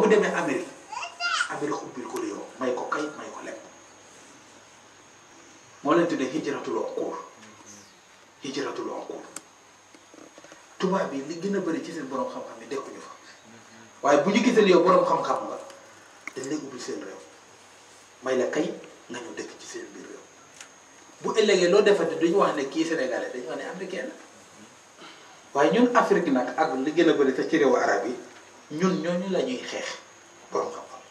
bu demee Amérique Amérique ubbil ko réew may ko kay may ko lepp moo leen tuddee hijratul uquur hijratul uquur tubaab bi li gën a bari ci seen boroom xam-xam ni dekkuñu fa bu ñu gisee yow borom xam-xam nga dañ seen réew may la kay nga ñu dëkk ci seen biir réew bu ëllëgee loo defante duñu wax ne kii sénégalais dañu wax ne américain la waaye ñun Afrique nag ak li gën a bari sax ci réewu arab yi. ñun ñooñu la ñuy xeex borom xam-xam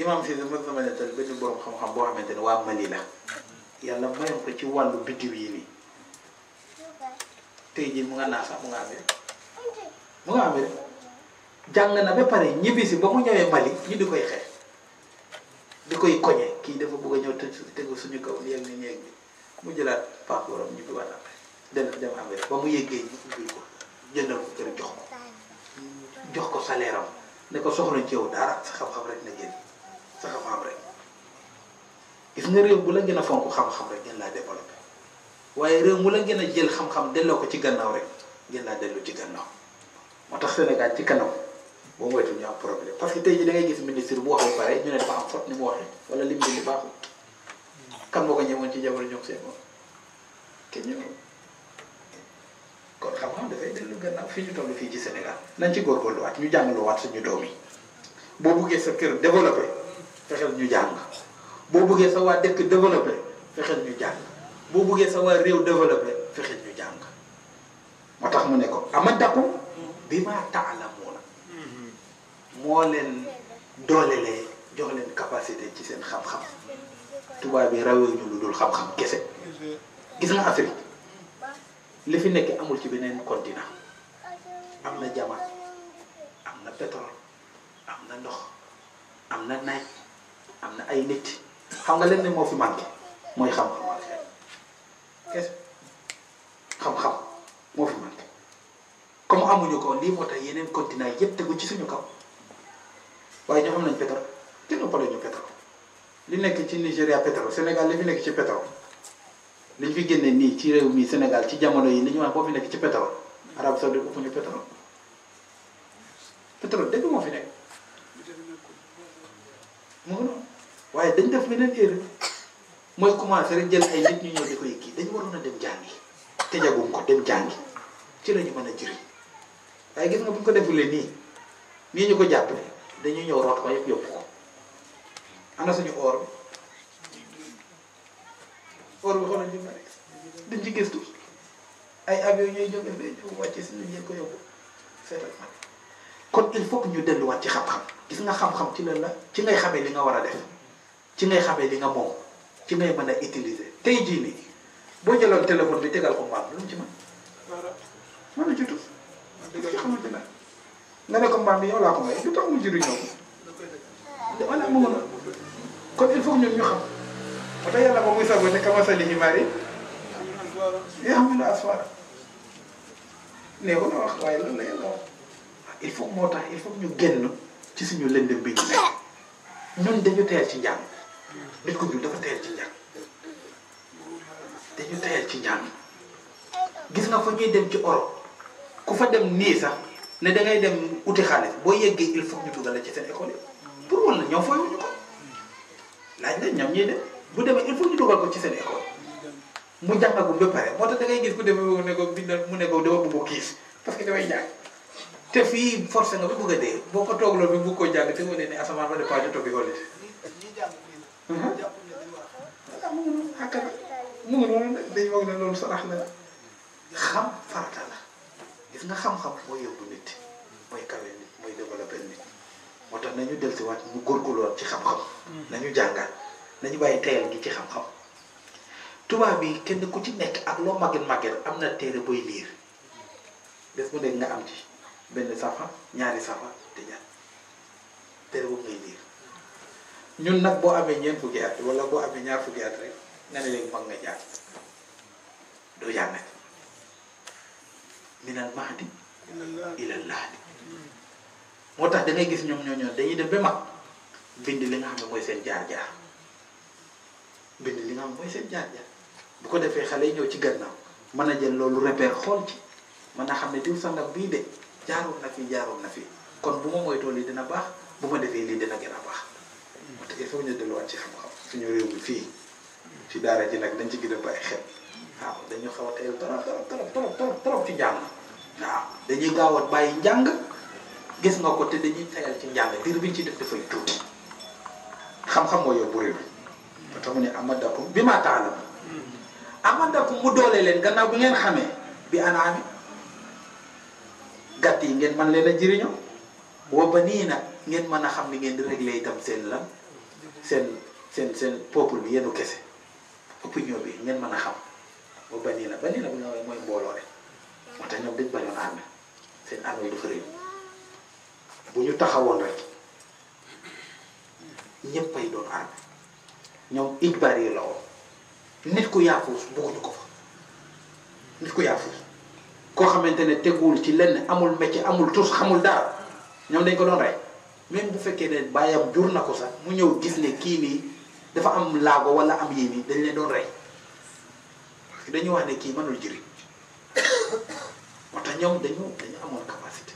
imam si dama sama nettal benn borom xam-xam boo xamante ne waa Mali la yàlla mayoon ko ci wàllu biddiw yi nii tey jii mu nga naa sax mu nga amee mu nga amee jàng na ba pare ñibbi si ba mu ñëwee Mali ñu di koy xeex di koy koñe kii dafa bëgg a ñëw tegu suñu kaw li yegg ni ñeeg bi mu jëlaat paak borom ñibbi waat après dem dem amee ba mu yëggee ñu ubbi ko jëndal ko kër jox ko jox ko salaire am ne ko soxla ci yow dara sa xam-xam rek na génn sa xam-xam rek gis nga réew bu la gën a fonk xam-xam rek ngeen laa développé waaye réew mu la gën a jël xam-xam delloo ko ci gannaaw rek ngeen laa dellu ci gannaaw moo tax Sénégal ci kanam boo moytu ñu am problème parce que tey jii da ngay gis ministre bu waxul pare ñu ne dafa am faute ni mu waxee wala lim bi li baaxul kan moo ko ñëwoon ci jamono ñoom seen moom te ñëwoon kon xam-xam dafay gën gannaaw fi ñu toll fii ci Sénégal nañ ci góorgóorluwaat ñu jàngaluwaat suñu doom yi boo buggee sa kër développé fexeel ñu jàng boo buggee sa waa dëkk développé fexeel ñu jàng boo buggee sa réew développé fexeel ñu jàng moo tax mu ne ko amadaku bi maa taalamuuna moo leen doolelee jox leen capacité ci seen xam-xam tubaab bi rawee ñu lu dul xam-xam kese gis nga Afrique li fi nekk amul ci beneen continent am na jama am na pétrole am na ndox am na naaj am na ay nit xam nga leen ne moo fi manqué mooy xam-xam ak xel xam-xam moo fi manqué comme amuñu ko lii moo tax yeneen continent yëpp tegu ci suñu kaw waaye ñoo xam nañ pétrole kenn pare ñu pétrole li nekk ci Nigéria pétrole senegal li fi nekk ci pétrole li fi génnee nii ci réew mii senegal ci jamono yi li ñu wax boo fi nekk ci pétrole Arabie Saoudite ëpp ñu pétrole pétrole dëgg moo fi nekk moo noonu waaye dañ def beneen erreur mooy commencé rek jël ay nit ñu ñëw di koy kii dañ waroon dem jàngi te jaguñ ko dem jàngi ci la ñu mën a jëriñ waaye gis nga bu ñu ko defulee nii nii ñu ko jàpp dañuy ñëw root ko yëpp yóbbu ko ana suñu or or bi xoolal ñu fa nekk dañ ci gëstu ay avion ñooy jóge ba ñu wàcce si ñu ko yóbbu seetal ma kon il faut ñu delluwaat ci xam-xam gis nga xam-xam ci lan la ci ngay xamee li nga war a def ci ngay xamee li nga moom ci ngay mën a utiliser tey jii nii boo jëloon téléphone bi tegal ko mbaam lu mu ci mën mën na ci tus dëgg la nga ne mbaam bi yow laa ko may du tax mu jëriñoo ko voilà mu ngi kon il faut que ñu xam. ba tey yàlla moom muy soog ne kamasali himaari yahmilu asfara neexul a wax waaye ah, il faut moo tax il faut ñu génn ci suñu lëndëm bi ñu nekk ñun dañu teel ci njaam nit ku ñun dafa teel ci njàng dañu teel ci njàng gis nga fa ñuy dem ci Europe ku fa dem nii sax ne da ngay dem uti xaalis boo yeggee il faut ñu dugal la ci seen école yi pour wala ñoom fooy wuñu ko laaj la ñoom ñuy dem. bu demee il faut ñu dugal ko ci seen école mu jàngagum ba pare moo tax ngay gis ku demee ne ko bindal mu ne que damay jàng te fii forcé nga ba bëgg dee boo ko toogloo bi bëgg koo jàng te mu ne ne asamaan ma ne pas joto bi xool it. ah mu ngi noonu xàkk na mu ngi noonu xam farata nga xam-xam mooy yóbbu nit mooy kawe mooy développé nit moo nañu dellusiwaat mu góorgóorluwaat ci xam-xam. nañu jànga nañu bàyyi teyal gi ci xam-xam tubaab bi kenn ku ci nekk ak loo màgget màgget am na téere booy liir bés bu nekk nga am ci benn safa ñaari safa te ñaar téere boobu ngay liir ñun nag boo amee ñeent fukki at wala boo amee ñaar fukki at rek nga ne léegi mag nga jaar doo jaar nag moo tax da gis ñoom ñoo ñoo dañuy dem ba mag bind li nga xam ne mooy seen jaar-jaar bind li nga xam mooy seen jaar-jaar bu ko defee xale yi ñëw ci gannaaw mën a jël loolu repère xool ci mën a xam ne diw sangam bii de jaaroon na fi jaaroon na fi kon bu ma moytoo lii dina baax bu ma defee lii dina gën a baax. moo tax il faut ñu delluwaat ci xam-xam suñu réew mi fii ci daara ji nag dañ ci gën a bàyyi xel dañu xaw a teel trop trop ci njàng. waaw dañuy gaaw a bàyyi njàng gis nga ko te dañuy tayal ci njàng diir biñ ci def dafay tuuti xam-xam moo yóbbu réew mi ba tax mu ne amadakum bi maa taalam amadakum mu doole leen gannaaw bi ngeen xamee bi anaami gàtt yi ngeen mën leen a jëriñoo wa ba nii nag ngeen mën a xam ni ngeen di réglé itam seen lan seen seen seen peuple bi yenu kese opinion bi ngeen mën a xam wa ba nii nag ba nii mooy mbooloo rek moo tax ñoom dañ bëriwoon armée seen armée du xëy bu ñu taxawoon rek ñëppay doon armée ñoom ijbaar yi la woon nit ku yaafuus bëgguñu ko fa nit ku yaafuus koo xamante ne teguwul ci lenn amul métier amul tus xamul dara ñoom dañ ko doon rey même bu fekkee ne bàyyam jur na ko sax mu ñëw gis ne kii nii dafa am laabo wala am yii nii dañ leen doon rey parce dañuy wax ne kii mënul jëriñ moo tax ñoom dañu dañu amoon capacité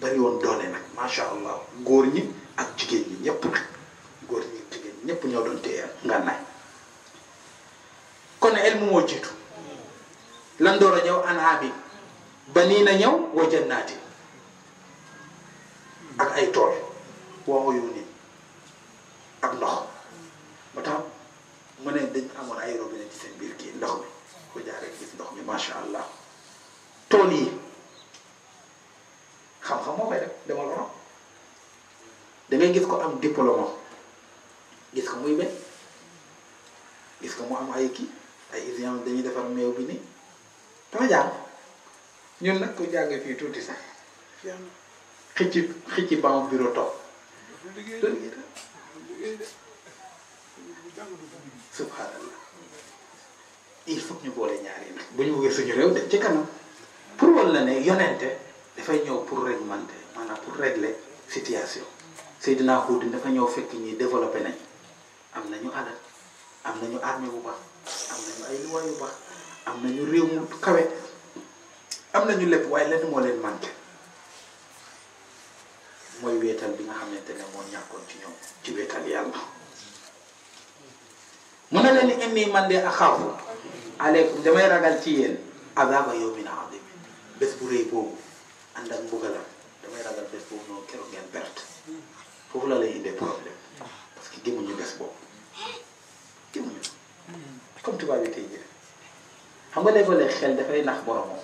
bari woon doole nag macha allah góor ñi ak jigéen ñi ñëpp nag góor ñi. ñépp ñoo doon téye ngànnaay kon ilmu jiitu lan a ñëw an abi ba nii na ñëw wa jannaati ak ay tool wa uyunin ak ndox moo tax mu ne dañ amoon ay robinet ci seen biir kii ndox mi ko jaar rek gis ndox mi macha allah tool yi xam-xam moo koy def demal Europe da gis ko am diplôme muy meñ gis ko mu am ay kii ay étudiants dañuy defar meew bi nii dama jàng ñun nag ko jàng fii tuuti sax xëcc xëcc ban bureau toog subhanallah il faut ñu boole ñaar yi nag bu ñu bëggee suñu réew dem ci kanam pour wal la ne yonente dafay ñëw pour réglementer maanaam pour régler situation Seydina Hud dafa ñëw fekk ñi développé nañ am nañu alal am nañu armée bu baax am nañu ay luwa yu baax am nañu réew mu kawe am nañu lépp waaye lenn moo leen manqué mooy wéetal bi nga xamante ne moo ñàkkoon ci ñoom ci wéetal yàlla mu ne man de axaafu aleykum damay ragal ci bu rëy boobu ànd ak mbugalam damay ragal bés boobu noonu keroog ngeen perte foofu la lay indee problème parce que gëmuñu bés boobu comme tubaab yi tey jii xam nga léeg-léeg xel dafay nax boromam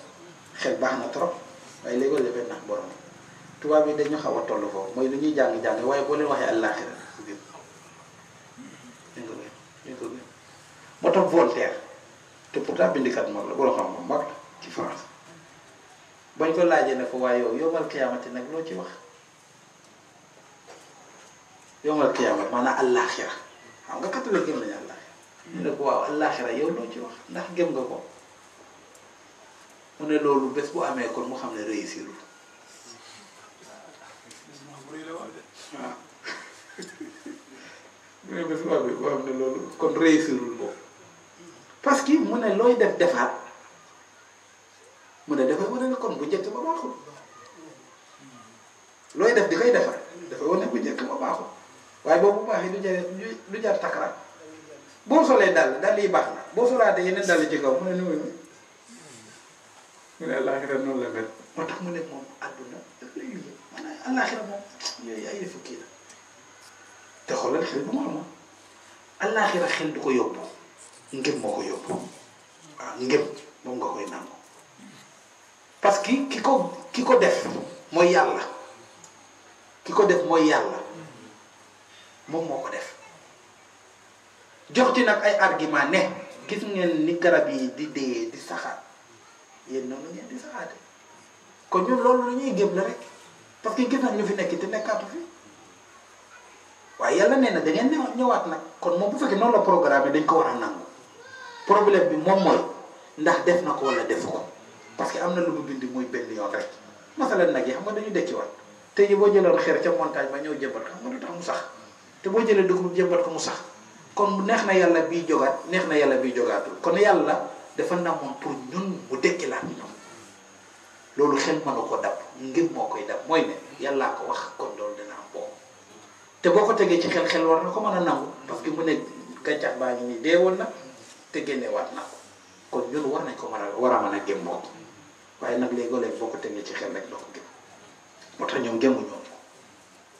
xel baax na trop waaye léeg-léeg dafay nax boromam tubaab yi dañu xaw a toll foofu mooy lu ñuy jàng jàng waaye boo leen waxee àllaaxira moo tax Voltaire te pourtant moom mag la borom xam-xam mag la ci France bañ ko laajee ne ko waaye yow yomal kiyaamati nag loo ci wax yomal kiyaamati maanaam àllaaxira xam nga catholique gëm nañu àllaaxira ñu ne ko waaw àllaaxira yow loo ci wax ndax gëm nga ko mu ne loolu bés bu amee kon mu xam ne réussir waaw mu ne bés bu xam ne loolu kon réussirul boobu parce que mu ne looy def defaat mu ne dafay wane ne kon bu njëkk ba baaxul looy def di koy defar dafay wane bu njëkk ba baaxul waaye boobu bu baaxee du jar du jar takaraat boo solee dàll dàll yi baax na boo solaatee yeneen dàll ci kaw mu ne nu moom àdduna daf lay moom yooyu ay yëfu la te xoolal xel bu mu amoon àllaaxira xel du ko yóbbu ngëm moo ko yóbbu waaw moom nga koy nangu parce que ki ko ki ko def mooy yàlla ki ko def mooy yàlla moom moo ko def jox ci nag ay argument ne gis ngeen ni garab yi di dee di saxaat yéen noonu ngeen di saxaate kon ñun loolu la ñuy gëm la rek parce que gis nañ ñu fi nekk te nekkaatu fi waaye yàlla nee na da ngeen ñëwaat nag kon moom bu fekkee noonu la programme dañ ko war a nangu problème bi moom mooy ndax def na ko wala defu ko parce que am na lu mu bind muy benn yoon rek masalan nag yi xam nga dañu dekkiwaat te yi boo jëloon xeer ca montagne ba ñëw jëmbat ko xam du tax mu sax te boo jëlee dugub jëmbat ko sax. kon neex na yàlla biy jogaat neex na yàlla biy jogaatul kon yàlla dafa namoon pour ñun mu dekkilaat ñoom loolu xel mënu ko dab koy dab mooy ne yàllaa ko wax kon dina am boobu te boo ko tegee ci xel xel war na ko mën a nangu parce que mu ne gàncax baa ngi nii deewoon na te génnewaat na ko kon ñun war nañ ko mën a war a mën a gémmoo waaye nag léegoo-léeg boo ko tegee ci xel rek doo ko gém moo tax ñoom gémmuñu ko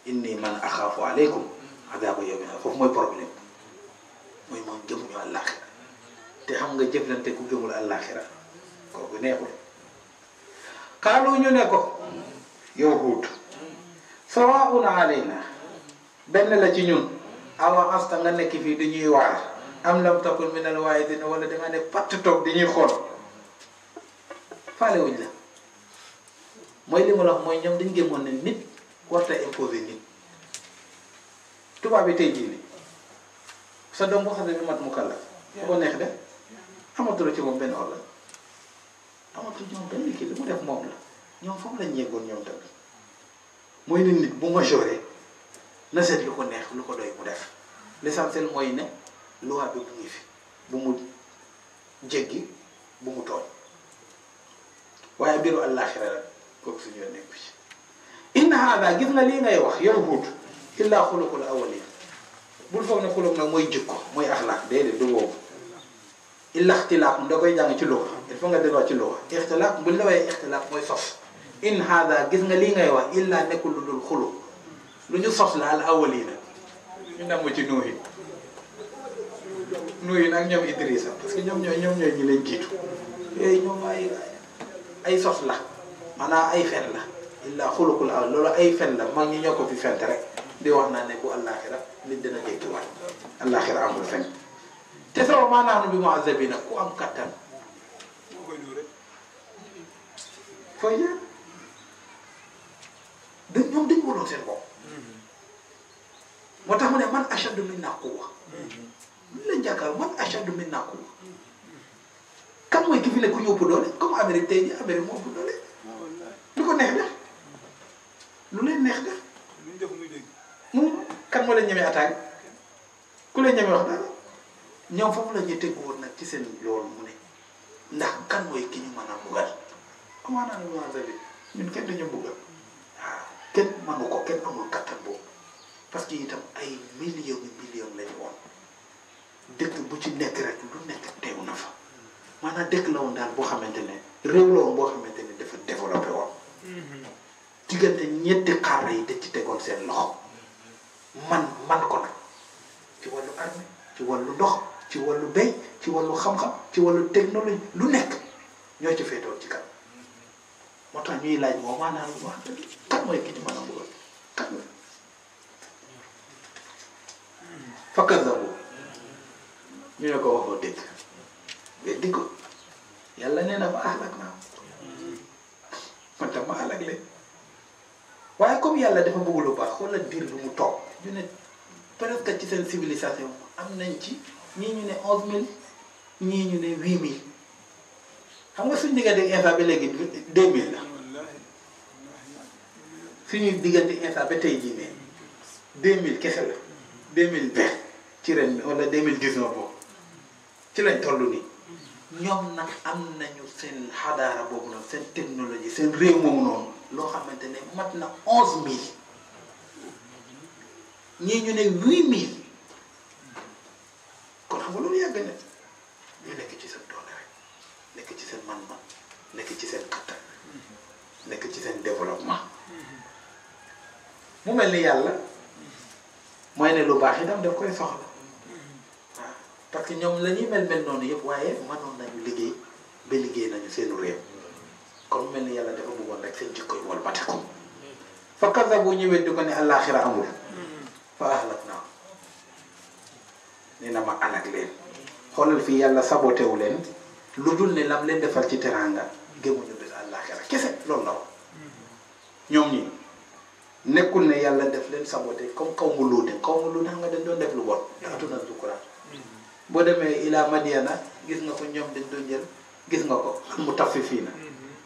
inni man axaafu aleykum adaaba yawmin foofu mooy problème muy moom gëmuñu àllaaxira te xam nga jëflante ku gëmul àllaaxira kooku neexul xaalu ñu ne ko yow Huud sawaun alayna benn la ci ñun awa asta nga nekk fii di ñuy na am lam takun min al waa'idin wala danga ne patt toog di ñuy xool faale wuñ la mooy li la mooy ñoom dañ gëmoon ne nit warta imposer nit tubaab yi tey jii nii sa doom boo xam ne du mat mu kàllaf ko neex def amatuloo ci moom benn orla amatuloo ci moom benn kii li mu def moom la ñoom foofu lañ yeggoon ñoom tamit mooy ne nit bu majoré na seet lu ko neex lu ko doy mu def l'essentiel mooy ne loi bi mu ngi fi bu mu jéggi bu mu tooñ waaye biiru àllaaxira rek kooku suñu yoon nekku ci inna haada gis nga lii ngay wax yow huut illaa xuluqul awwalin bul foog ne xulóog nag mooy jikko mooy axlaaq déedéet du boobu ilaxtilaaq mu da koy jàng ci luxa il faut nga delluwaat ci luxa ixtilaaq buñ la waxee ixtilaaq mooy sos in haada gis nga lii ngay wax illaa nekkul lu dul xulu lu ñu sos la al awalina ñu namm ci nuuhi nuuhi nag ñoom Idrissa parce que ñoom ñooy ñoom ñooy ñi leen jiitu yooyu ñoom ay ay sos la maanaam ay fen la illaa xulukul awal loolu ay fen la mag ñi ñoo ko fi fent rek di wax naa ne bu àllaaxira nit dana dekkiwaat àllaaxira amul fen te saw maa naanu bi muazzabiina ku am kattan fooy jaar dañ ñoom dañ waloon seen bopp moo tax mu ne man ashaddu minnaa quwwa mun lañ jàkkaar man ashaddu minnaa quwwa kan mooy ki fi ku ñu ëpp doole comme Amérique tey jii Amérique moo doole ah, lu ko neex def lu leen neex def kan moo leen ñemee attaque ku leen ñemee wax dara ñoom foofu la ñu tegu woon nag ci seen loolu mu ne ndax kan mooy ki ñu mën a mbugal amaanaa ne waa Ndeye ñun kenn dañu mbugal waaw kenn mënu ko kenn amul kattan boobu parce que itam ay millions yu millions lañu woon dëkk bu ci nekk rek lu nekk teew na fa maanaam dëkk la woon daal boo xamante ne réew la woon boo xamante ne dafa développé woon mm-hmm. diggante ñetti xaar yi dañ ci tegoon seen loxo. man man ko ci wàllu armée ci wàllu ndox ci wàllu béy ci wàllu xam-xam ci wàllu technologie lu nekk ñoo ci féetoon ci kan moo tax ñuy laaj moom maanaam wax a bëggoon kan mooy fakkat la yàlla nee na leen waaye comme yàlla dafa bëgg lu baax xoolal diir bi mu toog ñu ne presque ci seen civilisation am nañ ci ñii ñu ne onze mille ñii ñu ne huit mille xam nga suñu diggante instant ba léegi deux mille la suñuy diggante instant ba tey jii ne deux mille kese la deux mille vingt ci ren wala deux mille dix-neuf boobu ci lañ toll nii ñoom nag am nañu seen xadaara boobu noonu seen technologie seen réew moomu noonu loo xamante ne mat na onze mille ñii ñu ne huit mille kon xam nga loolu yàgg na ñu nekk ci seen doole rek nekk ci seen man-man nekk ci seen kattan nekk ci seen développement mu mel ni yàlla mooy ne lu baax yi daf koy soxla waaw parce que ñoom la ñuy mel mel noonu yëpp waaye mënoon nañu liggéey ba liggéey nañu seenu réew kon mel ni yàlla dafa bëggoon rek seen jikko yi wal bate ko boo ñëwee di ko ne àllaaxira amul fa ahlaknaahum nee na ma anak leen xoolal fii yàlla saboté wu leen lu dul ne lam leen defal ci teraanga gëmuñu bés àllaaxira kese loolu la wax ñoom ñi nekkul ne yàlla def leen saboté comme kaw mu luute kaw mu luute xam nga dañ doon def lu bon yaatuna zukraa boo demee ilaa madiana gis nga ko ñoom dañ doon jël gis nga ko mu tafi fii na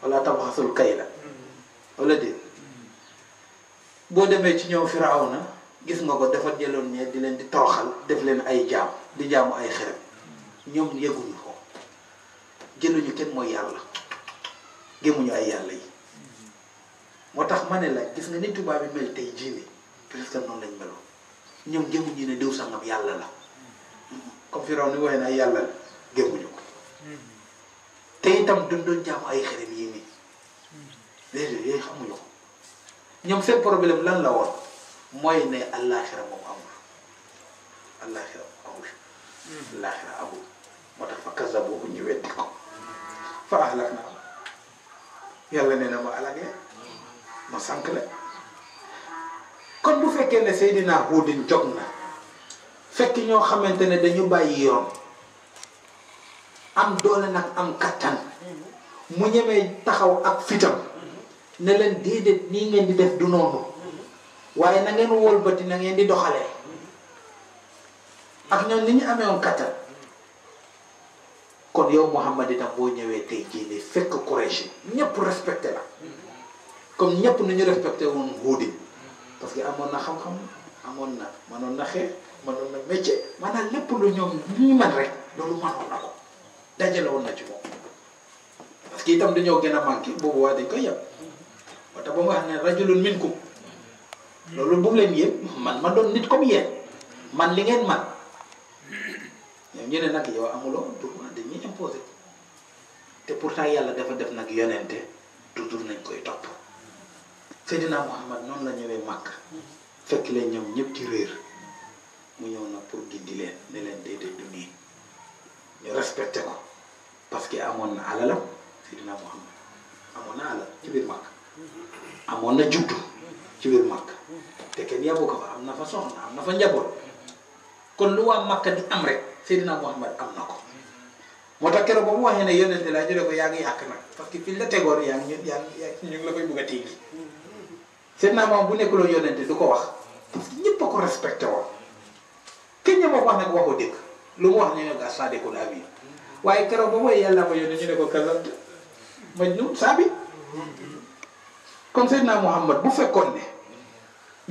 wala tabaxasul kay la mm-hmm. wala déet boo demee ci ñëw ñoom na gis nga ko dafa jëloon ñee di leen di tooxal def leen ay jaam di jaamu ay xërëm ñoom yëguñu ko jëluñu kenn mooy yàlla gémuñu ay yàlla moo tax ma ne la gis nga ni tubaab yi tey jii nii presque noonu lañ ñoom gémuñu ne diw sangam yàlla la comme fi raw ni waxee ne yàlla la gémuñu ko te itam duñ jaamu ay xërëm yii nii léeg yooyu xamuñu ko ñoom seen problème lan la woon mooy ne allaaxira moom amul allaaxira amul allaaxira amul moo tax fa kasa boobu ñu weddi ko fa ahlak na yàlla nee na ma alak ma sànq leen kon bu fekkee ne Seydina Huudin jog na fekk ñoo xamante ne dañu bàyyi yoon am doole nag am kattan mu ñemee taxaw ak fitam ne leen déedéet nii ngeen di def du noonu waye na ngeen wëlbati na ngeen di doxale ak ñoon ni ñu amé won katta kon yow Muhammad da bo ñewé tey jii ni fekk quraish ñepp respecté la comme ñepp nu ñu respecté won hudi parce que amon na xam-xam amon na manon na xeex manon na métier man lepp lu ñoom ñi man mën rek loolu mënoon na ko dajal won na ci parce que itam dañu gëna manki bobu wa dañ rajulun minkum loolu bu mu leen yéen man ma doon nit comme yéen man li ngeen man ñoom ñu nag yoo amuloo droit dañuy imposé te pour pourtant yàlla defa def nag yonente toujours nañ koy topp Seydina Muhammad noonu la ñëwee màkk fekk leen ñoom ñëpp ci réer mu ñëw nag pour gindi leen ne leen déedéet du nii ñu respecté ko parce que amoon na alalam Seydina Muhammad amoon na alal ci biir màkk amoon na juddu ci biir Makka te kenn yabu ko am na fa soxna am na fa njaboot kon lu waa Makka di am rek Seydina Muhammad am na ko moo tax keroog ba mu waxee ne yonente laa jëlee ko yaa ngi yàq nag parce que fi la tegoon yaa ngi yaa ngi ñu ngi a téegi Seydina Muhammad bu nekkuloon yonente ko wax ñëpp a ko respecté woon kenn ña ma ko wax nag waxoo waaye keroog ba mooy yàlla ma saabi kon Seydina Muhammad bu fekkoon ne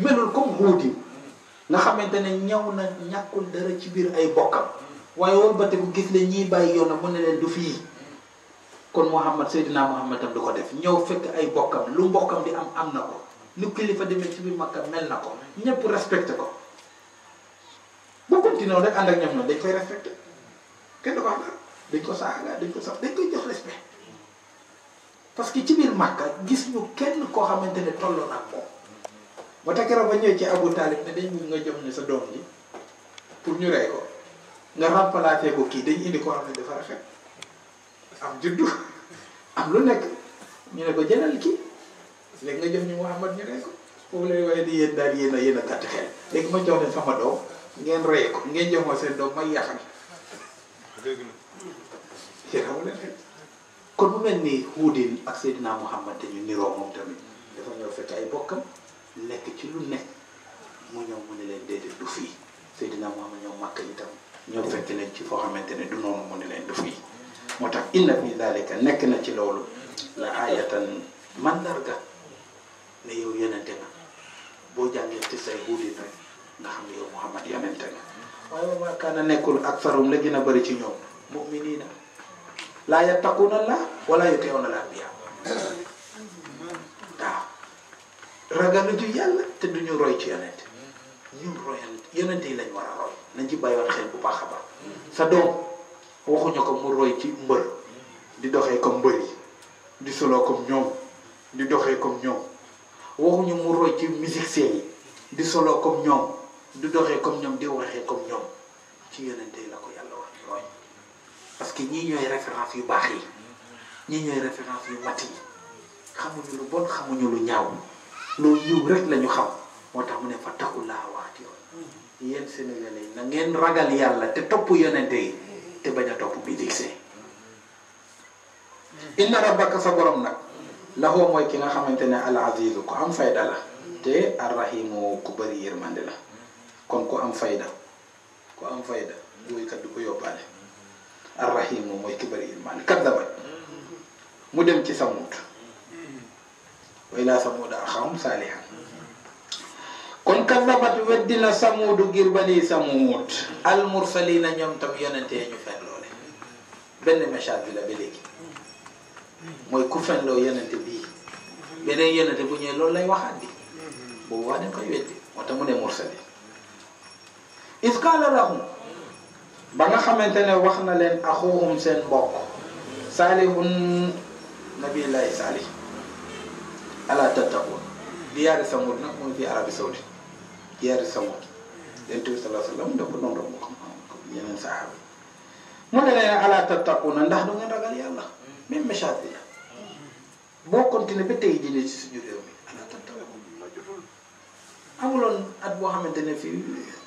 melul comme huudi nga xamantene ñëw na ñakul dara ci bir ay bokkam waye waaye wëlbate bu gis le ñi bay yoon mu ne len du fi kon Muhammad sayyidina Muhammad tam du ko def ñëw fekk ay bokkam lu mbokkam di am am nako lu kilifa demé ci bir Makka mel nako ñëpp respect ko bu continué rek ànd ak ñoom ñoom dañ koy respect kenn du ko wax dañ ko saaga dañ ko sax dañ koy jox respect parce que ci bir Makka gis ñu kenn ko xamantene tollu nako moo tax keroog ba ñëwee ci Abu Talib ne dañ bëgg nga jox ñu sa doom ji pour ñu rey ko nga remplacé ko kii dañ indi koo xam ne dafa rafet am juddu am lu nekk ñu ne ko jëlal ki léegi nga jox ñu Muhammad ñu rey ko foofu daal yéen a ma jox leen sama doom ngeen rey ko ngeen ma seen doom may yàqal dégg kon bu mel ni Huudin ak Seydina Muhammad dañu niroo moom tamit dafa ñëw fekk ay bokkam lekk ci lu ne mu ñëw mu ne leen déedéet du fii Seydina Muhammad ñëw yi itam ñëw fekk leen ci foo xamante ne du noonu mu ne leen du fii moo tax inna fi dalika nekk na ci loolu la ayatan mandarga ne yow yonente nga boo jàngee te say huudin rek nga xam ne yow Muhammad yonente nga waaye wa maa kaana nekkul aksarum la gën a bari ci ñoom mu'miniina laa yattaquuna la wala yuteewna la yàlla yàlla te du ñu roy ci yonent ñun royal lañ a roy ci bàyyiwaat xel bu baax a baax sa doom ko mu ci mbër di doxee comme yi di soloo comme ñoom di doxee comme ñoom waxuñu mu ci musicien yi di soloo comme ñoom di doxee comme ñoom di waxee comme ñoom ci yonent yi la ko yàlla wax roy parce que ñii ñooy référence yu baax yi ñii ñooy référence yu mat yi xamuñu lu bon xamuñu lu ñaaw loolu yiw rek la ñu xam moo tax mu ne fa taqullaa waati yoon yéen sénégalais na ngeen ragal yàlla te topp yonente yi te bañ a topp bi digsee inna rabbaka sa borom nag laxoo mooy ki nga xamante ne al azizu ku am fayda la te arrahimu ku bëri yërmande la kon ku am fayda ku am fayda wuykat du ko yóbbaale arrahimu mooy ki bëri yërmande mu dem ci samut وإلى ثمود أخاهم صالحا كن كذبت ودنا ثمود غير بني ثمود المرسلين نيوم تم يونتي نيو فن لول بن مشاد بلا بليك موي كو فن لو يونتي بي بنين يونتي بو ني لول لاي واخاندي بو وادي كو يودي موتام ني مرسل إذ قال لهم بنا خمنتنا وخنا لين أخوهم سين بوك صالح نبي الله صالح ala tattaquun diyaari Samud nag mooy fii Arabie Saoudite diyaari Samud yonent bi sallallahu alayhi wa sallam da ko doon romb comme yeneen saxaaba yi mu ne leen ala tattaquuna ndax du ngeen ragal yàlla même message bi la boo continué ba tey jii ci suñu réew mi ala tattaquuna jotul amuloon at boo xamante ne fii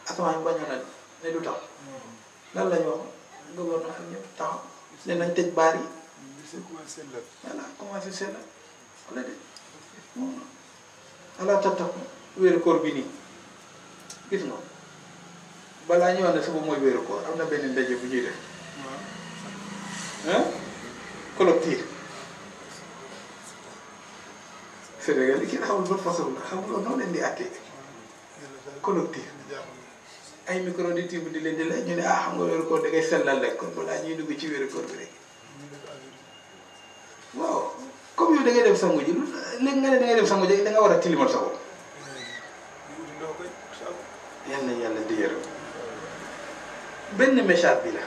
asamaan yi bañoon at ne du tax lan la ñu wax gouvernement ak ñëpp taxaw ne nañ tëj baar yi. voilà commencé seet la wala déet. ala tattaku wéeru bi nii gis nga balaa ñu wax ne suba mooy wéeru koor am na benn ndaje bu ñuy def ah collectif Sénégal yi kenn xamul ban façon la xamuloo noonu leen di àttee collectif ay micro di tibb di leen di la ñu ne ah xam nga wéeru koor da ngay sellal rek kon balaa ñuy dugg ci wéeru bi rek waaw. comme yow da ngay dem sangu ji léegi nga ne da ngay dem sangu ji da nga war a tilimal sa bopp yal na yàlla di yërëm benn message bi la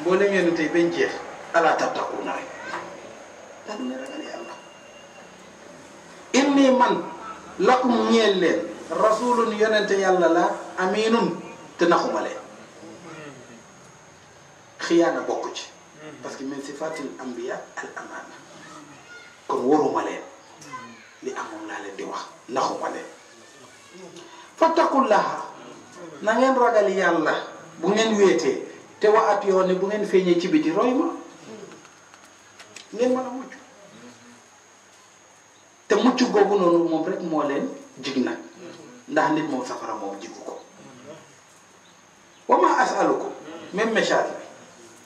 mboolem yéen tey bañ jeex ala tattaqu na rek daa dina ragal yàlla inni man lakum ñeel leen rasulun yonente yàlla la aminun te naxuma leen xiyaana bokk ci mm-hmm. parce que min sifatil ambiya al amaana kon waruma leen li amoon laa leen di wax naxuma leen fattaqullaha na ngeen ragal yàlla bu ngeen wéetee te wa at yoo ne bu ngeen feeñee ci biti roy ma ngeen mën a mucc te mucc googu noonu moom rek moo leen jig nag ndax nit moom safara moom jigu ko wa ma asalukum même message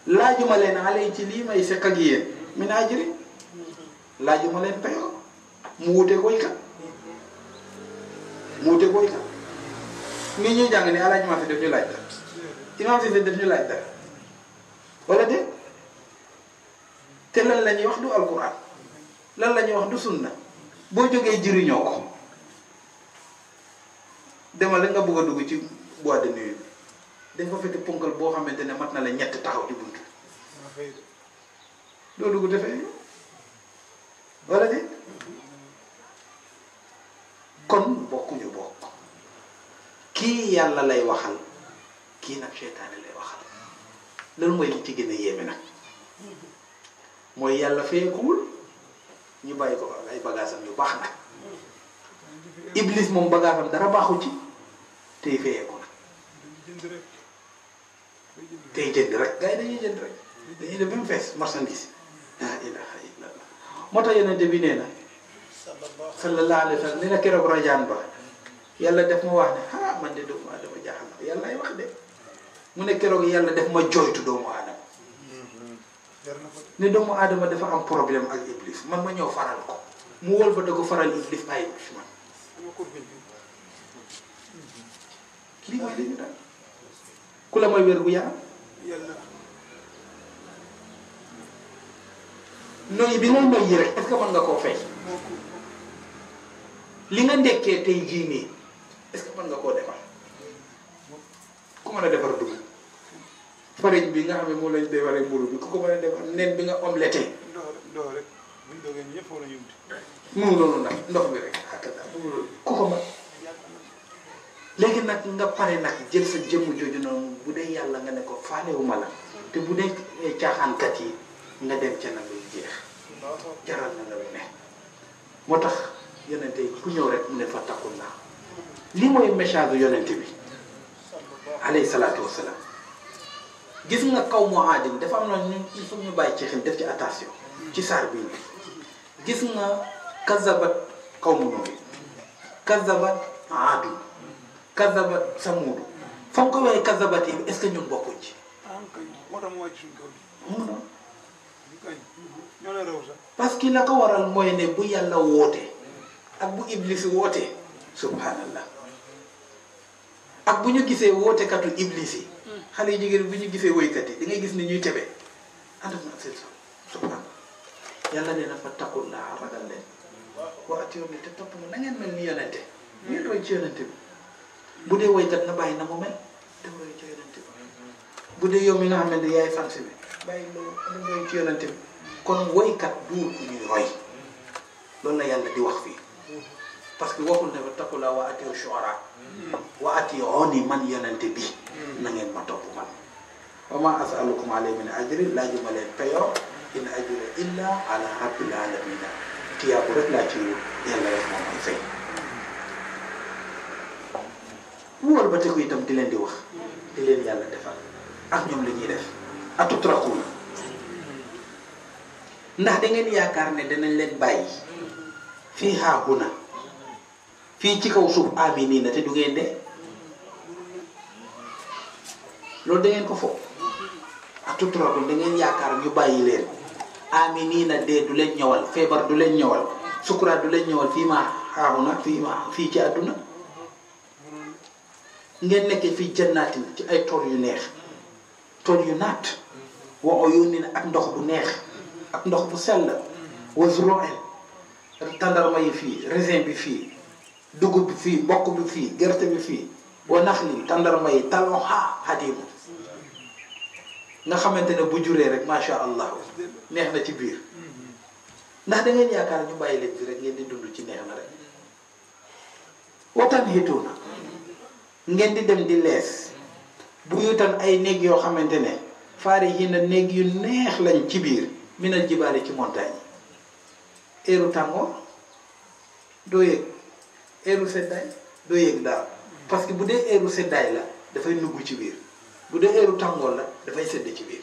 bi laajuma leen alay ci lii may sekk ak yéen min ajri laajuma leen payoor mu wuteeg woykat mu wuteeg woykat nit ñuy jàng ni alaaji maa def ñu laaj dara imaam fi def ñu laaj de te lan la ñuy wax du alquran lan la ñuy wax du sunna boo jógee jëriñoo ko demal nga bëgg a dugg ci boîte de nuit dañ ko fekk ponkal boo xamante ne mat na la ñett taxaw ci buntu doo dugg defee. wala de kon bokkuñu bokk kii yàlla lay waxal kii nag seytaane lay waxal lan mooy li ci gën a yéeme nag mooy yàlla feekuwul ñu bàyyi ko ay bagaasam yu baax nag iblis moom bagaasam dara baaxu ci tey feyeeku nag tey jënd rek gars yi dañuy jënd rek dañuy dem ba mu fees marchandise la ilaha illallah moo tax yonente bi nee na sallallahu alayhi wa sallam nee na keroog rajaan ba yàlla def ma wax ne ah man de doomu adama jaaxal na yàlla ay wax de mu ne keroog yàlla def ma jooytu doomu adama ne doomu adama dafa am problème ak iblis man ma ñëw faral ko mu wol ba da ko faral iblis man ku la mooy wér gu yaram noy bi ngay noy yi rek est-ce que mën nga koo fay li nga ndekkee tey jii nii est-ce que mën nga koo defar ku mën a defar dugub farine bi nga xam ne moom lañ defaree bi ku ko mën a defar bi nga omelette. ndox ndox rek bu ñu ñëpp war a yóbbu. ndox bi rek xakkata ku ko mën léegi nag nga pare nag jël sa jëmm jooju noonu bu dee yàlla nga ne ko faalewuma la te bu dee caaxaankat yi. nga dem ca nag yu jeex jaral na la lu ne moo tax yonente yi ku ñëw rek mu ne fa takkul naa lii mooy message bu yonente bi alayhi salaatu wasalaam gis nga kaw mu aadin dafa am na ñu il faut ñu bàyyi ci xel def ci attention ci saar bii nii gis nga kazabat kaw mu nooy kazabat aadu kazabat samuudu fa mu waxee kazabat yi est ñun bokkuñ ci. Ah, parce que la ko waral mooy ne bu yàlla woote ak bu iblis woote subhanallah ak bu ñu gisee wootekatu iblis yi xale yu jigéen bu ñu gisee woykat yi da ngay gis ni ñuy tebe àndam na seen sax subhanallah yàlla nee na fa taqullaa ragal leen waa at yoon te topp na ngeen mel ni yonente ngeen yonente bu dee woykat na bàyyi na moom mel te bu dee yow mi nga xam ne yaay fansi bi bàyyi loolu am bi kon woykat duur ku ñuy roy loolu la yàlla di wax fii parce que waxul ne taqula wa atiyu shuara wa atiyuni man yonante bi hmm. na ngeen ma topp man wa ma asalukum alayhi min ajrin laajuma leen payo in ajra illa ala rabbil alamina tiyaabu rek laa ci yàlla rek moom mooy fay wóor ba te itam di leen di wax di leen yàlla defal ak ñoom li ñuy def atutrakuna ndax da ngeen yaakaar ne danañ leen bàyyi fii xaagu na fii ci kaw suuf aminiina du ngeen loolu da ngeen ko foog atutrakuna da ngeen yaakaar ñu bàyyi leen aminiina dee du leen ñëwal feebar du leen ñëwal sukuraat du leen ñëwal fii ma xaagu na fii ma fii ci àdduna ngeen nekkee fii jannaatin ci ay tool yu neex tool yu naat wa uyunin ak ndox bu neex ak ndox bu sell wa zuru'in tandarma yi fii raisin bi fii dugub bi fii mboq bi fii gerte bi fii wa naxli tandarma yi talonha hadimu nga xamante ne bu juree rek macha allah neex na ci biir ndax da ngeen yaakaar ñu bàyyi leen fi rek ngeen di dund ci neex na rek watan xituuna ngeen di dem di lees bu yutan ay néeg yoo xamante ne faarihiina néeg yu neex lañ ci biir minal jibaale ci montagne yi eeru tàngoor doo yëg eeru seddaay doo yëg daal parce que bu dee eeru seddaay la dafay nugg ci biir bu dee eeru tàngoor la dafay sedd ci biir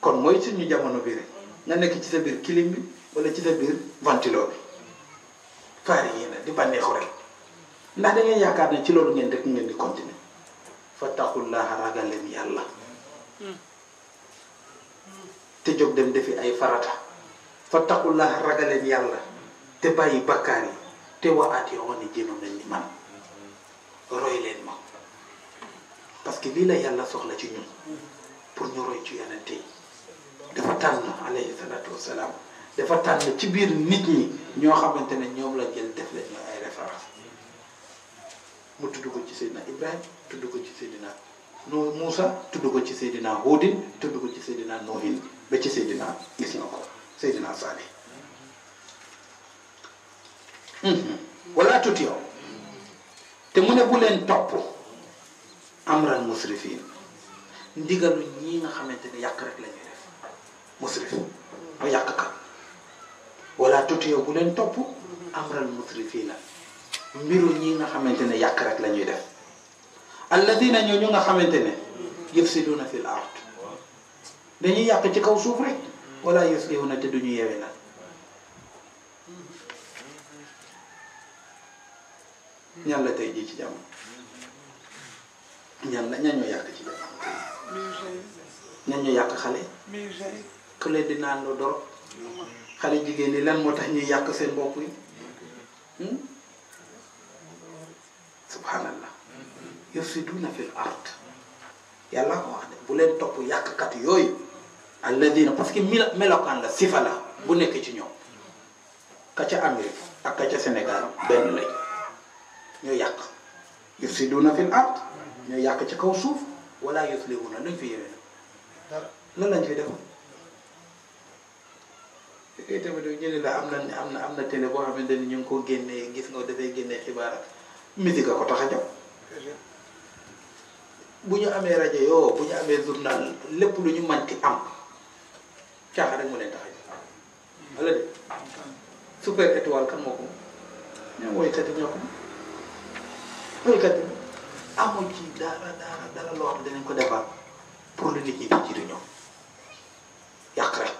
kon mooy ñu jamono bi rek nga nekk ci sa biir kilim bi wala ci sa biir ventilo bi faarihiina di bànneexu rek ndax da ngeen yaakaar ne ci loolu ngeen rek ngeen di continuer fattaqu الله ragal leen yàlla te jóg dem defi ay farata fattaqu llaha ragal leen yàlla te bàyyi bakkaar yi te wa atiuni jéema mel ni man roy leen ma parce que pour ñu roy ci yonente yi dafa tànn alayhi salaatu wasalaam dafa tànn ci biir nit ñi ñoo xamante ne ñoom la jël def leen ñooy ay référence mu tudd ko ci Seydina Ibrahim tudd ko ci Seydina no tudd ko ci Seydina Houdin ci Seydina Nohin ba ci Seydina gis na ko Seydina Salih mhm. wala tuuti yow te mu ne bu leen topp amral musrifin ndigalu ñii nga xamante ne yàq rek la ñuy def musrif yàq kat wala tuuti yow bu leen topp amral musrifina mbiru ñi nga xamante ne yàq rek la ñuy def alladina ñoo ñu nga xamante ne si fil ard dañuy yàq ci kaw suuf rek wala yuslihuna te duñu yewe na ñan la tey jii ci jàmm ñan la yàq xale ku leen di naan lu doro xale jigéen ñi lan moo tax ñuy yàq seen bopp yi hmm? subhanallah yufsiduna fil ard yàlla ko wax de bu leen topp yàqkat yooyu alladina parce que mil melokaan la sifa la bu nekk ci ñoom ka ca Amérique ak ka ca Sénégal benn lañ ñoo yàq yufsiduna fil ard ñoo yàq ci kaw suuf wala yuslihuna luñ fi yéwee lan lañ fi def su kay tamit ñu ne la am na am na am na télé boo xamante ni ñu ngi ko génnee gis nga dafay génnee xibaar musique a ko tax a jóg bu ñu amee rajo yoo bu ñu amee journal lépp lu ñu manti am caaxaan rek mu leen tax a jóg super étoile kan moo ko moom woykat yi ñoo ko moom woykat yi ci dara dara dara loo xam danañ ko defar pour lu nit ñi di jëriñoo yàq rek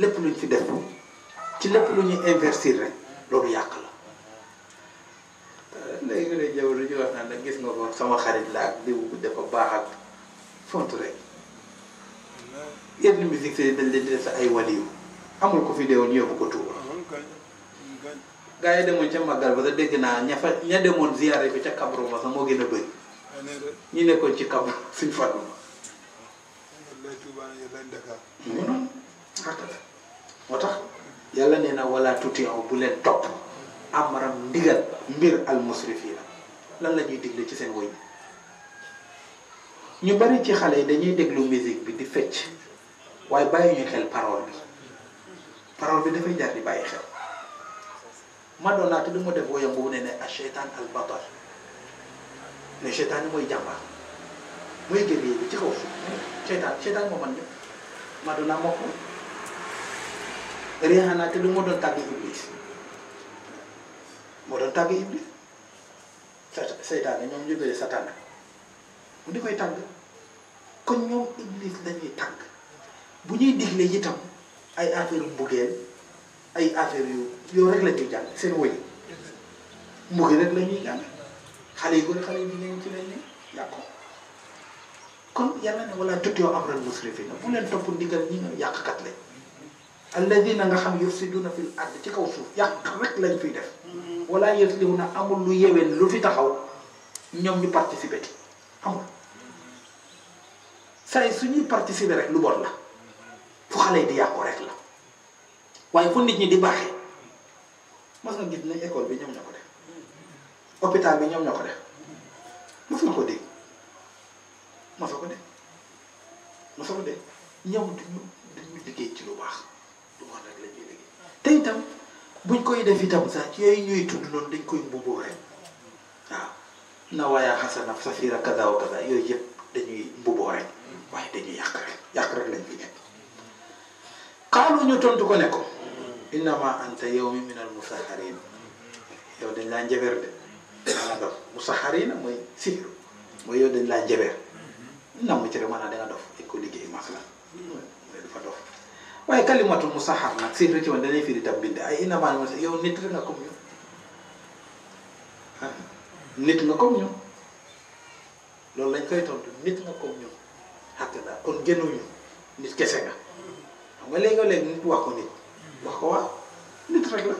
lépp luñ fi def ci lépp lu ñuy investir rek loolu yàq la gis nga ko sama xarit la ak diw bu dafa dañ leen sa ay waliyu amul ko fi deewoon yóbbu ko Tuuba ah, gaa yi demoon ca màggal ba sax dégg naa ña fa ña demoon ziyaare ko ca kabru ma moo gën a bëri ah, ñi nekkoon ci kabru suñ fàllu ma moo tax yàlla nee na wala tuuti bu leen topp amaram mbir al musrifiina lan la ñuy digle ci seen woy ñu bari ci xale yi dañuy déglu musique bi di fecc waaye bàyyi ñu xel parole bi parole bi dafay jar di bàyyi xel Madonna te du ma def woyam boobu ne ne a ah, cheytaan al batal ne cheytaan mooy jàmbaar mooy guerrier bi ci kaw suuf cheytaan cheytaan moo man ñëpp Madonna moo ko Rihanna te du ma doon tàgg iblis moo doon tàgg iblis seytaane ñoom ñu jógee satana mu di koy tàgg kon ñoom iblis lañuy tàgg bu ñuy digle itam ay affaire yu ay affaire yu yow rek la ñuy jàng seen woy mbugeel rek la ñuy jàng xale yu a xale yu jigéen ci lañ ne yàqu kon yàlla ne wala tut yoo am ren musrifina bu leen topp ndigal ñi nga yàqkat lañ alladina nga xam yufsiduna fil ard ci kaw suuf yàq rek lañ fiy def wala na amul lu yeween lu fi taxaw ñoom ñu participer ti amul say suñuy participer rek lu bon la fu xale yi di yàqu rek la waaye fu nit ñi di baaxee mas nga gis ne école bi ñoom ñoo ko def hôpital bi ñoom ñoo ko def mas nga ko dégg mas nga ko dégg ñoom duñu duñu liggéey ci lu baax du moom rek la ñuy liggéey te itam buñ koy def itam sax yooyu ñuy tudd noonu dañ koy mbubboo rek waaw na waayaa xasana safira kaza wa kaza yooyu yëpp dañuy mbubboo rek waaye dañuy yàq rek yàq rek lañ fi nekk xaalu ñu tontu ko ne ko innama anta mi minal musaxarin yow dañ laa njabeer de danga dof musaxarina mooy sihiru mooy yow dañ laa njabeer nam mu ci rek maanaam danga dof dañ ko liggéey masala mooy dafa dof waaye kalimatul mu saxaar nag seetlu ci woon dañuy firi tam bind ay inamaan ma yow nit nga comme ñu ah, nit nga comme ñu loolu lañ koy tontu nit nga comme ñu xatte daal kon génnuñu nit kese nga xam nga léegi-léeg nit wax ko nit wax ko waa nit rek la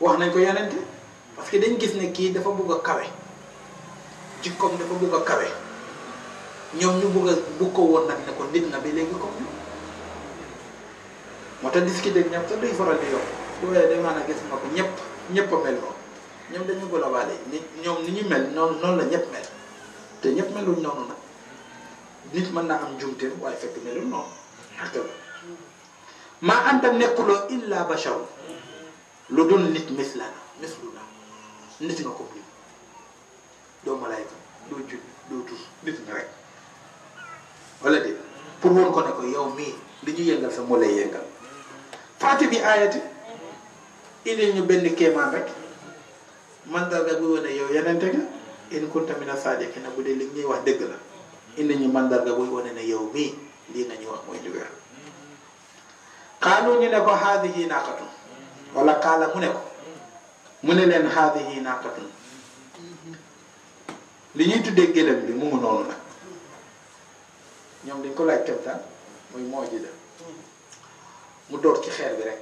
wax nañ ko yenente parce que dañ gis ne kii dafa bugg a kawe jikkoom dafa bugg a kawe ñoom ñu bugg a bugg ko woon nag ne ko nit nga bi léegi comme ñu moo tax discuter ak ñoom sax duñ faral di yokk bu wéyee day maanaam gis nga ko ñëpp ñëpp a mel noonu ñoom dañu global ni ñoom ni mel noonu noonu ñëpp mel te ñëpp meluñ noonu nag nit mën na am njuumteem waaye fekk melul noonu xàq la maa anta nekkuloo illa bashar lu dul nit mislana misluna nit nga ko bi doo malaayka doo jul nit nga rek wala de pour woon ko ne ko yow mii li ñu yëngal sa moo yëngal faati bi aayati indil ñu benn kéemaan rek mandarga bu wane yow yenente nga in kunta mina saadiqiina bu dee li ñuy wax dëgg la indil ñu mandarga buy wane ne yow mii lii nga ñu wax mooy jóge xaalu ñu ne ko haadihi naaqatun wala xaala mu ne ko mu ne leen haadihi naaqatun li ñuy tuddee gëlëm bi mu ngi noonu nag ñoom dañ ko laaj kemtaan ah, muy moo ji dem mu door ci xeer bi rek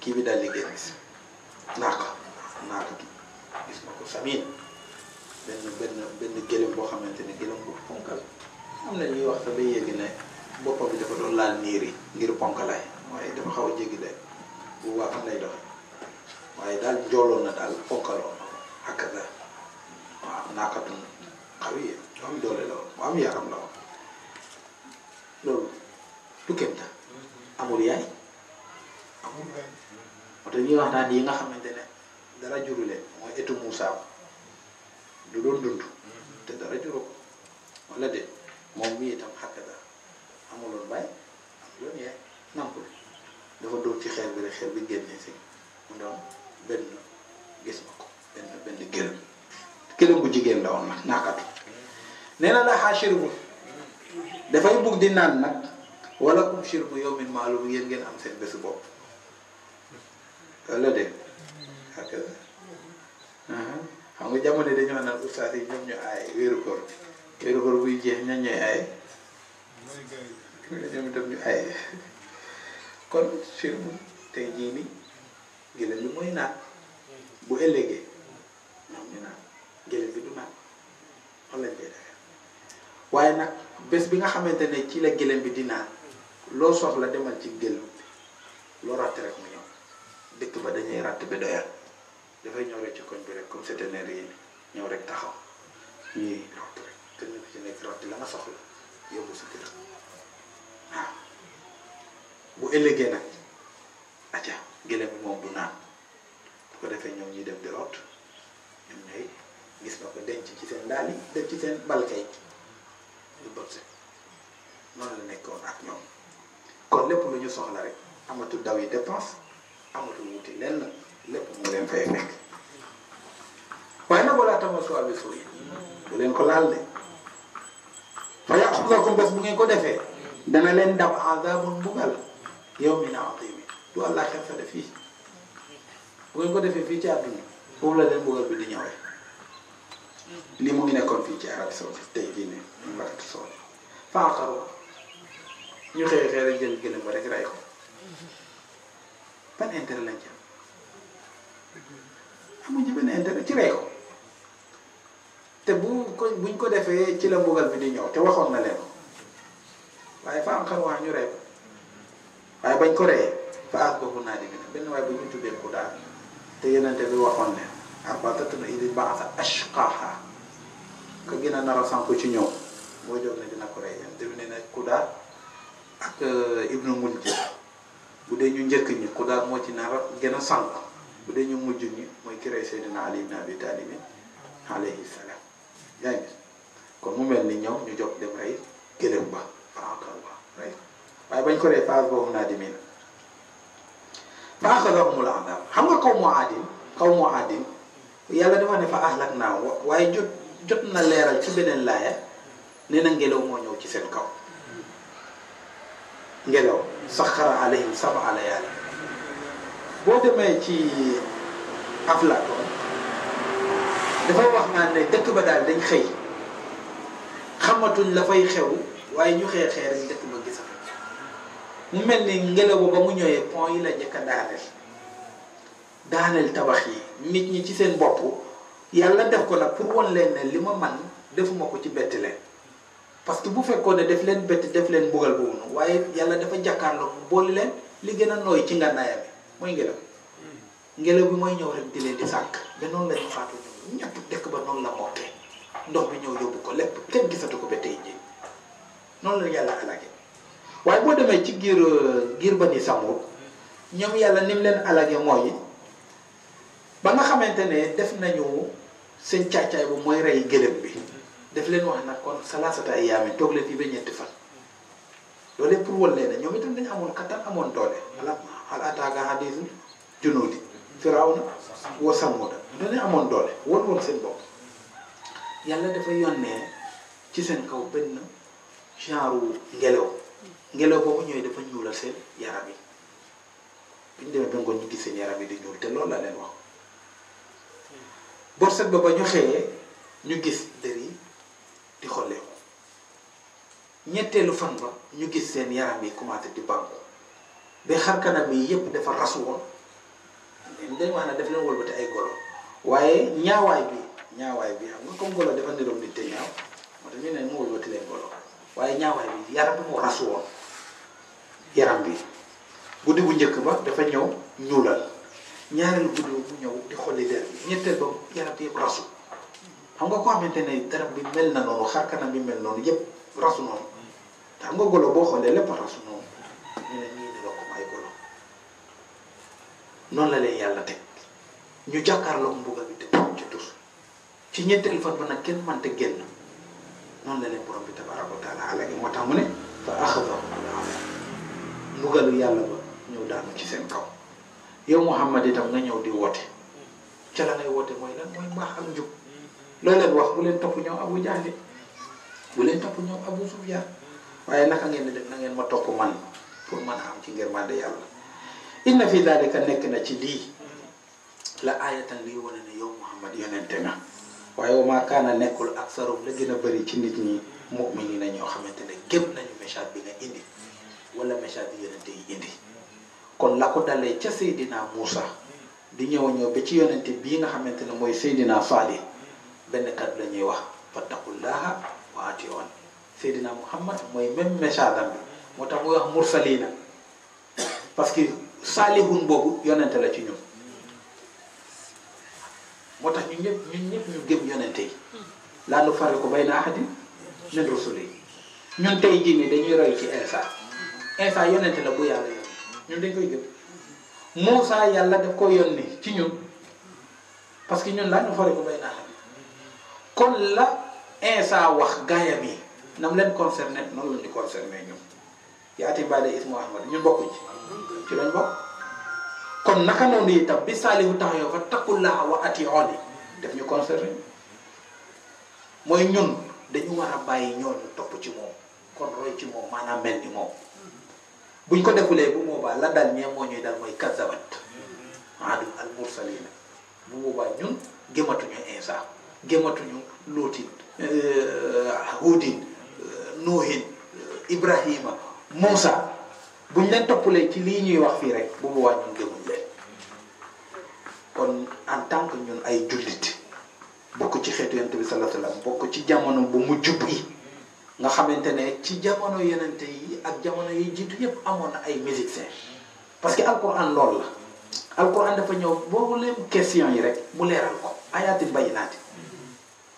kii bi daal di génn si naa ko naa ko gis nga ko samin benn benn benn gëlëm boo xamante ne gëlëm bu ponkal am na ñuy wax sax ba ne boppam bi dafa doon laal niir yi ngir ponkalaay waaye dafa xaw a jéggi de bu baax fan lay doxe waaye daal njooloon na daal ponkaloon na ak daal waaw naakatu xaw yi am doole la woon bu am yaram la woon loolu. du kéemtaan amul yaay amul wax naan yi nga xamante ne dara juru leen mooy etu Moussa du doon dund mm-hmm. te dara juru ko wala de moom mii itam xàkk da amuloon bàyyi amuloon yaay nampul dafa dóor ci xeer bi rek xeer bi génnee si mu doon benn gis ma ko benn benn gërëm bu jigéen la woon nag naakatu mm-hmm. nee na la xaashiru mm-hmm. dafay bugg di naan nag wala bu shirbu yawmin maalum yéen ngeen am seen bésu bopp wala dégg ak xam nga jamono dañoo naan ustaas yi ñoom ñu aay wéeru koor buy jeex ñan ñooy aay ñoom itam ñu tey jii nii gëlëm bi mooy naan bu ëllëgee ñoom ñu naan gëlëm bi du naan waaye nag bés bi nga xamante ne ci la gëlëm bi di naan loo soxla demal ci gél loo ratt rek mu ñëw dëkk ba dañuy ratt bi doyal dafay ñëw rek ci koñ bi rek comme centenaire yi ñëw rek taxaw ñuy ratt rek kenn ku ci nekk ratt la nga soxla yóbbu sa kër bu ëllëgee nag aca gélém bi moom du naan bu ko defee ñoom ñuy dem di root ñoom ñooy gis nga ko denc ci seen daal yi denc ci seen balkay lu bon noonu la nekkoon ak ñoom kon lépp lu ñu soxla rek amatul daw yi dépense amatul wuti lenn lépp mu leen fay fekk waaye nag walaa tamasu bi suuy bu leen ko laal de fa yaxudakum bés bu ngeen ko defee dana leen dab azaabun mbugal yawmin aziim du fii bu ko defee fii ci àdduna foofu la leen mbugal bi di ñëwee lii mu ngi nekkoon fii ci Arabie Saoudite tey jii ne ñu waratu sool ñu xëy xëy rek jël gëlëm ba rek ray ko ban intérêt lañ ci am amuñu benn intérêt ci ray ko te bu ko buñ ko defee ci la mbugal bi di ñëw te waxoon na leen waaye fa am xam wax ñu rey ko waaye bañ ko reyee fa aat boobu naa di ñu tuddee ku daal te yenente bi waxoon ne baax idil baasa ashqaaha ka gën a nar a sànku ci ñëw mooy doon ne dina ko rey yenente bi ne ne ku daal ibnu mulki bu dee ñu njëkk ñi ku daal moo ci nar a gën a sànq bu dee ñu mujj ñi mooy ki rey Seydina Ali ibn Abi Talib alayhi salaam yaa ngi kon mu mel ni ñëw ñu jóg dem rey gëlëm ba faakallah bañ ko rey faas boobu xam nga kaw moo aadin kaw moo aadin yàlla dafa ne fa ahlak naa waaye jot jot na leeral ci beneen laaya nee na ngelaw moo ñëw ci seen kaw ngelaw saxara alayhim sab'a layaali boo demee ci Aflaatoon dafa wax naan ne dëkk ba daal dañ xëy xamatuñ la fay xew waaye ñu xëy xëy rek dëkk ba gisa mu mel ni ngelaw ba mu ñëwee pont yi la njëkk a daaneel daaneel tabax yi nit ñi ci seen bopp yàlla def ko nag pour won leen li ma man defuma ko ci bett leen parce que bu fekkoon ne def leen bett def leen mbugal boobu noonu waaye yàlla dafa jàkkaarloo boole leen li gën a nooy ci ngànnaayam mooy ngelaw hmm. ngelaw bi mooy ñëw rek di di sànq ba noonu lañu faatu ñoom ñëpp dëkk ba noonu la mottee ndox bi ñëw yóbbu ko lépp kenn gisatu ko ba tey jii noonu la yàlla alage waaye boo demee ci giir giir ba ni Samuud ñoom yàlla ni mu leen alage mooy ba nga xamante ne def nañu seen caacaay bu mooy rey gëlëm bi def leen wax nag kon salaasata ay yaamin toog leen fi ba ñetti fan loolu pour wan leen ne ñoom itam amoon kattan amoon doole hal ataaka hadiisu junuudi firawna wa samuuda dañu amoon doole won woon seen bopp yàlla dafa yónnee ci seen kaw benn genre ngelaw ngelaw boobu ñooy dafa ñuulal seen yaram yi bi ñu demee ba ngoon ñu gis seen yaram yi di ñuul te loolu la leen wax borset ba ba ñu xëyee ñu gis dër yi di xolleeku ñetteelu fan ba ñu gis seen yaram bi commencé di bànku ba xar kanam yi yépp dafa rasu woon dañ wax ne daf leen wëlbati ay golo waaye ñaawaay bi ñaawaay bi xam nga comme golo dafa ne mu wëlbati waaye ñaawaay bi bi moo rasu woon yaram bi guddi bu njëkk ba dafa ñëw ñuulal ñaareelu guddi bu ñëw di xolli der bi ñetteel ba yaram bi yépp rasu xam nga ko xamante ne dara bi mel na noonu xar kanam bi mel noonu yëpp rasu noonu xam nga golo boo xoolee lépp rasu noonu ñu ne ñii ne la comme ay golo noonu la leen yàlla teg ñu jàkkaarloog mbugal bi te ci tus ci ñetteelu fan ba nag kenn mante génn noonu la leen borom bi tabaaraka alagi moo tax mu ne fa axadahu alazab mbugalu yàlla ba ñëw daanu ci seen kaw yow Muhammad itam nga ñëw di woote ca la ngay woote mooy lan mooy mbaax ak njub loo leen wax bu leen topp ñoom abu jaali bu leen topp ñoom abu sufyaan waaye naka ngeen def na ngeen ma topp man pour mën a am ci ngërmande yàlla inna fi daalika nekk na ci lii la aayatan liy wane ne yow muhammad yonente na waaye wa maa kaana nekkul ak sarum la gën a bëri ci nit ñi mu'miniina ñoo xamante ne gëm nañu message bi nga indi wala message bi yonente yi indi kon la ko dalee ca Seydina Muusa di ñëw ñëw ba ci yonente bii nga xamante ne mooy Seydina Saalih benn kat la ñuy wax fattaqullaha wa atiyoon Seydina Muhammad mooy même message bi moo tax muy wax mursalina parce que saalihun boobu yonente la ci ñun moo tax ñu ñëpp ñun ñëpp ñu gëm yonente yi laa nufarriqu bayna ahadin min rusuli ñun tey jii nii dañuy roy ci Insa Insa yonente la bu yàlla yoon ñun dañ koy gëm Moussa yàlla daf ko yónni ci ñun parce que ñun laa nufarriqu bayna ahadin kon la insa wax gaayam yi nam leen concerné noonu la ñu concerné ñun yaati baada ismu ahmad ñun bokkuñ ci ci bokk kon naka noonu itam bi saalihu taxaw fa taqullaha wa atiuni def ñu concerné mooy ñun dañu war a bàyyi ñooñu topp ci moom kon roy ci moom maanaam mel ni moom buñ ko defulee bu boobaa la dal ñee moo ñuy dal mooy kazabat aadum al mursalina bu boobaa ñun gëmatuñu insa gémmatuñu lootin eh, huudin eh, nuuhin eh, ibrahima muusa buñ leen toppalee ci lii ñuy wax fii rek bu boobaa ñun gëmuñ leen kon en tant que ñun ay jullit bokk ci xeetu yonent bokk ci jamono bu mujj bi nga xamante ne ci jamono yonent yi ak jamono yi jiitu yépp amoon na ay musiciens parce que alquran lool la alquran dafa ñëw boobu leen question yi rek mu leeral ko ayaati bayinaati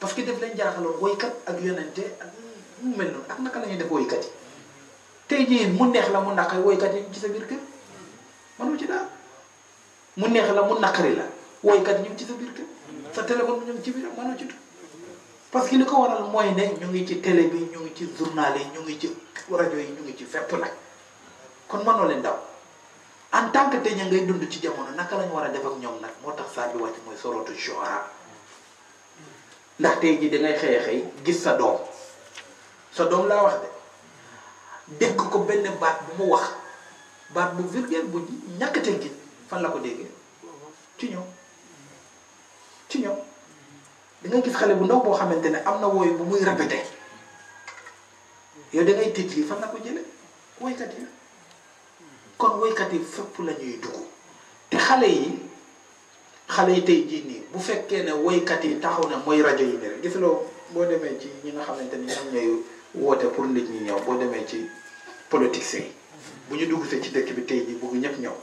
parce que def leen jaaxaloon woykat ak yonente ak mu mel noonu ak naka la ñuy def woykat yi tey jii mu neex la mu naqari woykat yi ñu ci sa biir kër mënoo ci daal mu neex la mu naqari la woykat yi ñu ci sa biir kër sa téléphone ci biir mënoo ci parce que li ko waral mooy ne ñu ngi ci tele bi ñu ngi ci journal yi ñu ngi ci rajo yi ñu ngi ci fepp la kon mënoo leen daw en tant que tey ngay dund ci jamono naka la war a def ak ñoom nag moo tax saa bi wàcc mooy sorootu shora ndaxte tey jii dangay xëy xëy gis sa doom sa doom laa wax de dégg ko benn baat bu mu wax baat bu virgule bu ñàkk teggin fan la ko déggee ci ñoom ci ñoom dangay gis xale bu ndaw boo xamante ne am na wooyu bu muy répété yow dangay tiit lii fan la ko jële woykat yi kon woykat yi fépp la ñuy te xale yi xale yi tey jii nii bu fekkee ne woykat yi taxaw na mooy rajo yi nii rek gisuloo boo demee ci ñi nga xamante ni ñoom ñooy woote pour nit ñi ñëw boo demee ci politiciens bu ñu dugg see ci dëkk bi tey jii bëgg ñëpp ñëw.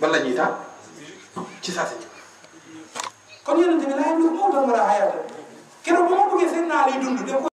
bala ñuy taal ci saa si. kon yonent bi laay am lu mu doon mën a xayma keroog